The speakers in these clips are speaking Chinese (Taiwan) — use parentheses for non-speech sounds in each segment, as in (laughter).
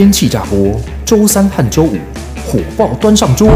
天氣炸鍋，週三和週五火爆端上桌。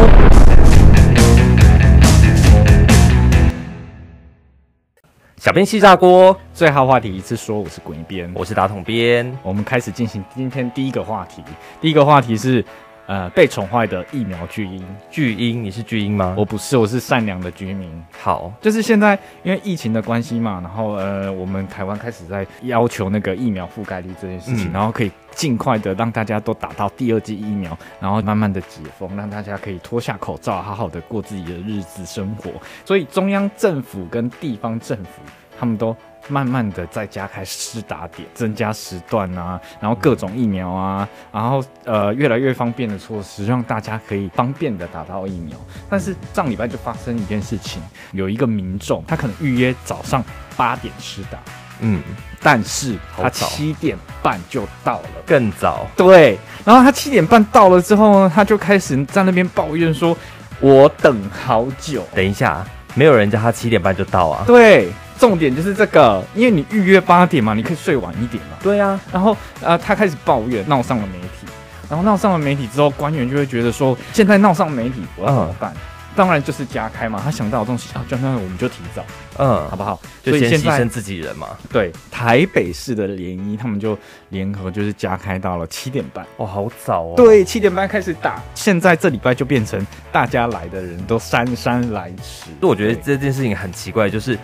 小編氣炸鍋，最好話題一次說。我是滾一編，我是打統編。我們開始進行今天第一個話題。第一個話題是。呃，被寵壞的疫苗巨嬰，巨嬰，你是巨嬰嗎？我不是，我是善良的居民。好，就是現在因為疫情的關係嘛，然後呃，我們台灣開始在要求那個疫苗覆蓋率這件事情，嗯、然後可以儘快的讓大家都打到第二劑疫苗，然後慢慢的解封，讓大家可以脫下口罩，好好的過自己的日子生活。所以中央政府跟地方政府。他們都慢慢的在加開施打點，增加時段啊，然後各種疫苗啊，嗯、然後呃越來越方便的措施，讓大家可以方便的打到疫苗。嗯、但是上禮拜就發生一件事情，有一個民眾他可能預約早上八點施打，嗯，但是他七點半就到了，更早。對，然後他七點半到了之後呢，他就開始在那邊抱怨說：“嗯、我等好久。”等一下，沒有人叫他七點半就到啊。對。重點就是這個，因為你預約八點嘛，你可以睡晚一點嘛。對啊，然後、呃、他開始抱怨，鬧上了媒體，然後鬧上了媒體之後，官員就會覺得說，現在鬧上媒體我要怎麼辦？嗯、當然就是加開嘛。他想到的東西啊，將軍，我們就提早，嗯，好不好？所以先犧牲自己人嘛。對，台北市的聯誼，他們就聯合，就是加開到了七點半。哦，好早哦。對，七點半開始打。現在這禮拜就變成大家來的人都姍姍來遲。所以我覺得這件事情很奇怪，就是。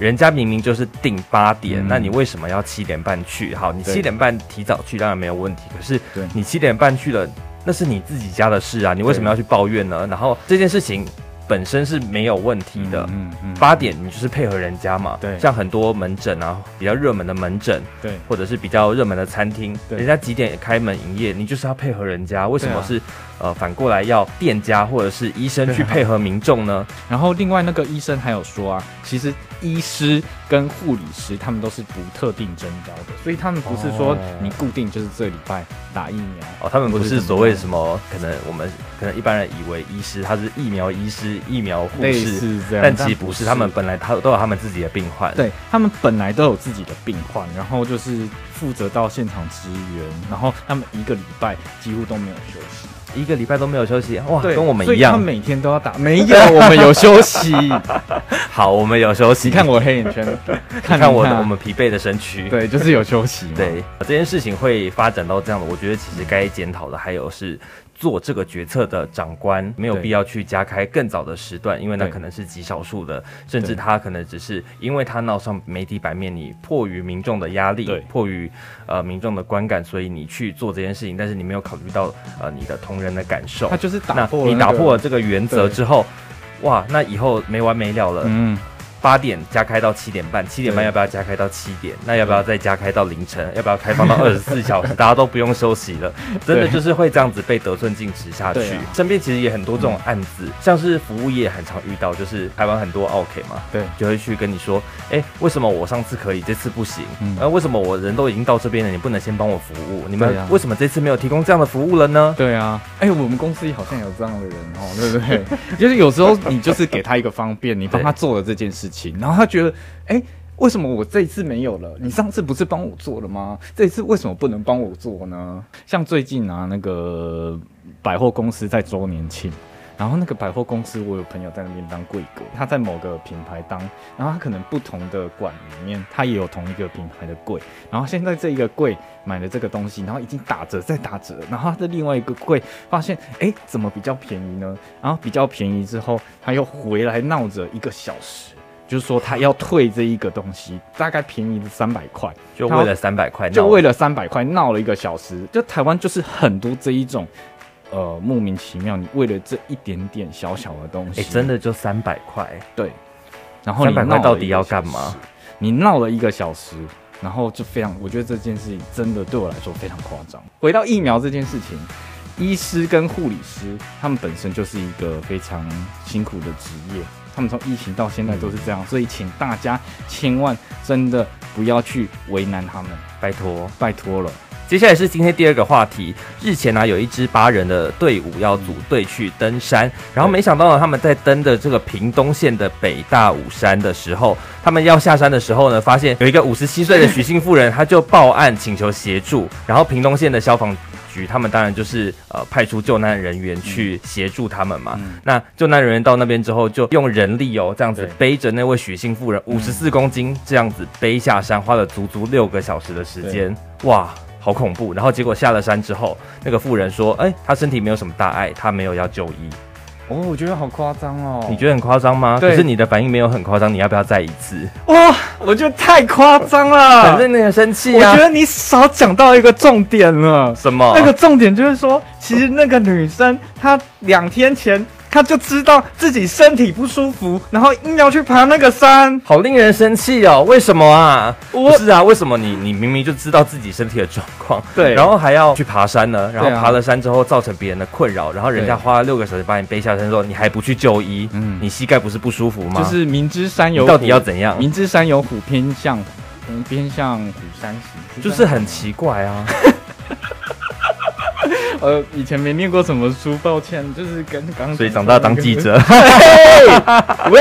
人家明明就是定八點，嗯、那你為什麼要七點半去？好，你七點半提早去當然沒有問題。對可是你七點半去了，那是你自己家的事啊，你為什麼要去抱怨呢？對然後這件事情本身是沒有問題的。嗯嗯嗯、八點你就是配合人家嘛。對，像很多門診啊，比較熱門的門診，對，或者是比較熱門的餐廳，對，人家幾點也開門營業，對你就是要配合人家。為什麼是、對啊？呃，反過來要店家或者是醫生去配合民眾呢。 (laughs) 然後另外那個醫生還有說啊，其實醫師跟護理師他們都是不特定徵調的，所以他們不是說你固定就是這禮拜打疫苗哦，他們不是所謂什麼是可能我們可能一般人以為醫師他是疫苗醫師、疫苗護士，這樣，但其實不是，不是他們本來他都有他們自己的病患，對，他們本來都有自己的病患，然後就是負責到現場支援，然後他們一個禮拜幾乎都沒有休息。一個禮拜都沒有休息，哇，對跟我們一樣，他每天都要打，沒有， (laughs) 我們有休息。好，我們有休息，你看我黑眼圈，看 (laughs) 看我的 (laughs) 我們疲憊的身軀，對，就是有休息。對，這件事情會發展到這樣的，我覺得其實該檢討的還有是。做這個決策的長官沒有必要去加開更早的時段，因為那可能是極少數的，甚至他可能只是因為他鬧上媒體版面，你迫於民眾的壓力，對迫於呃民眾的觀感，所以你去做這件事情，但是你沒有考慮到呃你的同仁的感受。他就是打破了、那個、你打破了這個原則之後，對哇，那以後沒完沒了了。嗯。八點加開到七點半，七點半要不要加開到七點？那要不要再加開到凌晨？要不要開放到二十四小時？大家都不用休息了，真的就是會這樣子被得寸進尺下去。身邊其實也很多這種案子，像是服務業很常遇到，就是台灣很多奧客嘛，對，就會去跟你說，哎，為什麼我上次可以，這次不行？嗯，為什麼我人都已經到這邊了，你不能先幫我服務？你們為什麼這次沒有提供這樣的服務了呢？對啊，哎，我們公司好像有這樣的人哦，對不對？就是有時候你就是給他一個方便，你幫他做了這件事。然後他覺得，哎，為什麼我這一次沒有了？你上次不是幫我做了嗎？這一次為什麼不能幫我做呢？像最近啊，那個百貨公司在周年慶，然後那個百貨公司我有朋友在那邊當櫃哥，他在某個品牌當，然後他可能不同的館裡面他也有同一個品牌的櫃，然後現在這一個櫃買了這個東西，然後已經打折再打折，然後他的另外一個櫃發現，哎，怎麼比較便宜呢？然後比較便宜之後，他又回來鬧着一個小時。就是說他要退這一個東西，大概便宜了三百塊，就為了三百塊，就為了三百塊鬧了一個小時。就台灣就是很多這一種，呃，莫名其妙，你為了這一點點小小的東西，西、欸，真的就三百塊，對。然後三百塊到底要幹嘛？你鬧了一個小時，然後就非常，我覺得這件事情真的對我來說非常誇張。回到疫苗這件事情，醫師跟護理師他們本身就是一個非常辛苦的職業。他們從疫情到現在都是這樣，嗯、所以請大家千萬真的不要去為難他們，拜托託拜托了。接下來是今天第二個話題，日前呢、啊、有一支八人的隊伍要組隊去登山，嗯、然後沒想到呢對他們在登的這個屏東縣的北大武山的時候，他們要下山的時候呢，發現有一個五十七歲的許姓婦人，她 (laughs) 就報案請求協助，然後屏東縣的消防。他們當然就是呃派出救難人員去協助他們嘛。嗯、那救難人員到那邊之後，就用人力哦、喔、這樣子背着那位許姓婦人五十四公斤這樣子背下山，花了足足六個小時的時間，嗯、哇，好恐怖！然後結果下了山之後，那個婦人說：“哎、欸，她身體沒有什麼大礙，她沒有要就醫。”哦，我覺得好誇張哦！你覺得很誇張嗎？對，可是你的反應沒有很誇張，你要不要再一次？哇、哦，我覺得太誇張了！啊、反正你也生氣啊。我覺得你少講到一個重點了。什麼？那個重點就是說，其實那個女生她兩天前。他就知道自己身體不舒服，然後硬要去爬那個山，好令人生氣哦！為什麼啊？我 是啊，為什麼你你明明就知道自己身體的狀況，對，然後還要去爬山呢？然後爬了山之後造成別人的困擾，然後人家花了六個小時把你背下山，說對你還不去就醫？嗯，你膝蓋不是不舒服嗎？就是明知山有虎，到底要怎樣？明知山有虎，偏向虎偏向虎山行，山形就是很奇怪啊。 (laughs) 呃，以前沒念過什麼書，抱歉，就是跟剛剛、那個、所以長大當記者，喂，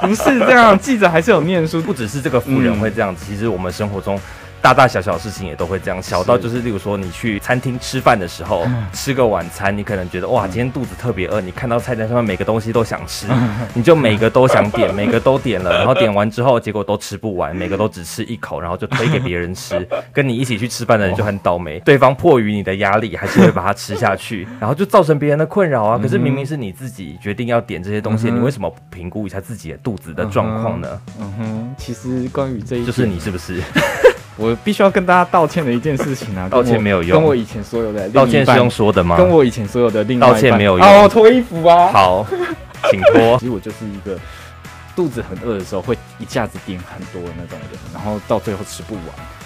不是這樣，記者還是有念書，不只是這個婦人會這樣子，嗯、其實我們生活中，大大小小事情也都會這樣，小到就是例如說你去餐廳吃飯的時候，是吃個晚餐，你可能覺得哇，今天肚子特別餓，你看到菜單上面每個東西都想吃，你就每個都想點，每個都點了，然後點完之後，結果都吃不完，每個都只吃一口，然後就推給別人吃，跟你一起去吃飯的人就很倒霉，對方迫於你的壓力，還是會把它吃下去，然後就造成別人的困擾啊。可是明明是你自己決定要點這些東西，你為什麼不評估一下自己的肚子的狀況呢？嗯哼，其實關於這一點，就是你是不是？ (laughs) 我必須要跟大家道歉的一件事情啊，道歉沒有用。跟我以前所有的道歉是用說的嗎？跟我以前所有的道歉沒有用。好、哦，脫衣服啊！好， (laughs) 請脫播。其實我就是一個肚子很餓的時候會一下子點很多的那種人，然後到最後吃不完，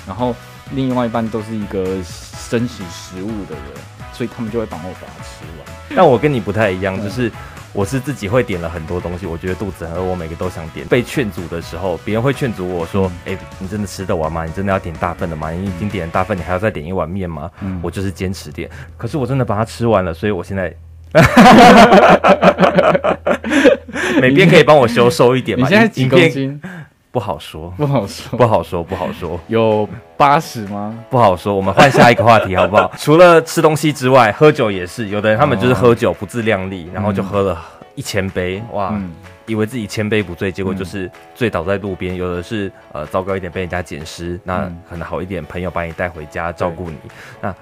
然後另外一半都是一個珍惜食物的人，所以他們就會幫我把它吃完。但我跟你不太一樣，對就是。我是自己會點了很多東西，我覺得肚子很餓，我每個都想點。被勸阻的時候，別人會勸阻我說：“誒、嗯欸、你真的吃得完嗎？你真的要點大份的嗎？你、嗯、已經點了大份，你還要再點一碗麵嗎？”嗯、我就是堅持點，可是我真的把它吃完了，所以我現在、嗯， (laughs) 每邊可以幫我修瘦一點嗎你？你現在幾公斤？不好說，不好說，不好說，不好說。有八十嗎？不好說。我們換下一個話題好不好？ (laughs) 除了吃東西之外，喝酒也是。有的人他們就是喝酒不自量力，嗯、然後就喝了一千杯，哇，嗯、以為自己千杯不醉，結果就是醉倒在路邊。嗯、有的是呃糟糕一點被人家撿屍，那可能好一點朋友把你帶回家照顧你。對那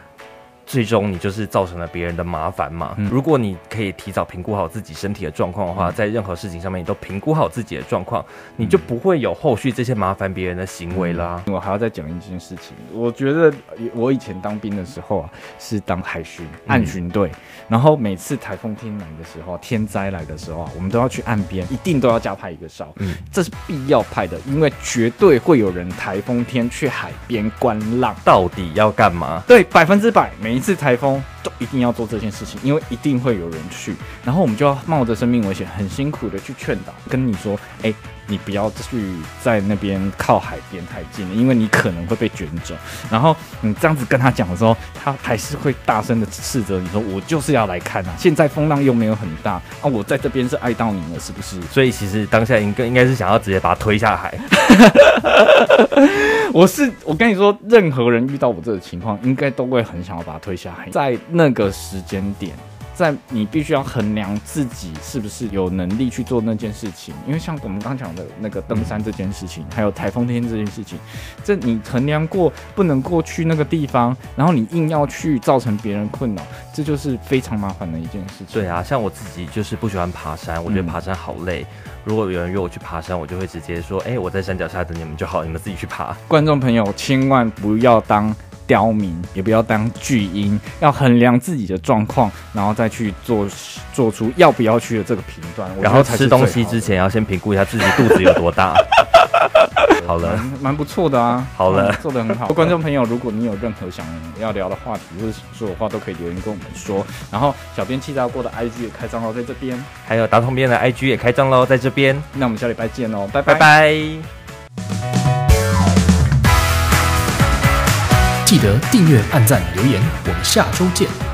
最終你就是造成了別人的麻煩嘛？嗯、如果你可以提早評估好自己身體的狀況的話，嗯、在任何事情上面你都評估好自己的狀況，嗯、你就不會有後續這些麻煩別人的行為啦。嗯、我還要再講一件事情，我覺得我以前當兵的時候啊，是當海巡、岸巡隊，嗯、然後每次台風天來的時候、天災來的時候啊，我們都要去岸邊，一定都要加派一個哨，嗯，這是必要派的，因為絕對會有人台風天去海邊觀浪，到底要幹嘛？對，百分之百沒。每一是颱風。就一定要做這件事情，因為一定會有人去，然後我們就要冒着生命危險，很辛苦的去勸導，跟你說：“哎、欸，你不要去在那邊靠海邊太近了，因為你可能會被捲走。”然後你這樣子跟他講的時候，他還是會大聲的斥責你說：“我就是要來看啊，現在風浪又沒有很大啊，我在這邊是愛到你了，是不是？”所以其實當下應該應該是想要直接把他推下海。 (laughs) 我是我跟你說，任何人遇到我這種情況，應該都會很想要把他推下海。在那個時間點，在你必須要衡量自己是不是有能力去做那件事情，因為像我們剛講的那個登山這件事情，嗯、還有台風天這件事情，這你衡量過不能過去那個地方，然後你硬要去，造成別人困擾，這就是非常麻煩的一件事情。對啊，像我自己就是不喜歡爬山，我覺得爬山好累。嗯、如果有人約我去爬山，我就會直接說，哎、欸，我在山腳下等你們就好，你們自己去爬。觀眾朋友千萬不要當。也不要當巨嬰，要衡量自己的狀況，然後再去做做出要不要去的這個評斷。然後吃東西之前要先評估一下自己肚子有多大。 (laughs) 好了，蠻、嗯、不錯的啊。好了，嗯、做得很好的。觀眾朋友，如果你有任何想要聊的話題或者想說的話，都可以留言跟我們說。然後小編氣炸鍋的 IG 也開張嘍，在這邊。還有打統編的 IG 也開張嘍，在這邊。那我們下禮拜見哦，拜拜拜，拜。記得訂閱、按讚、留言，我們下周見。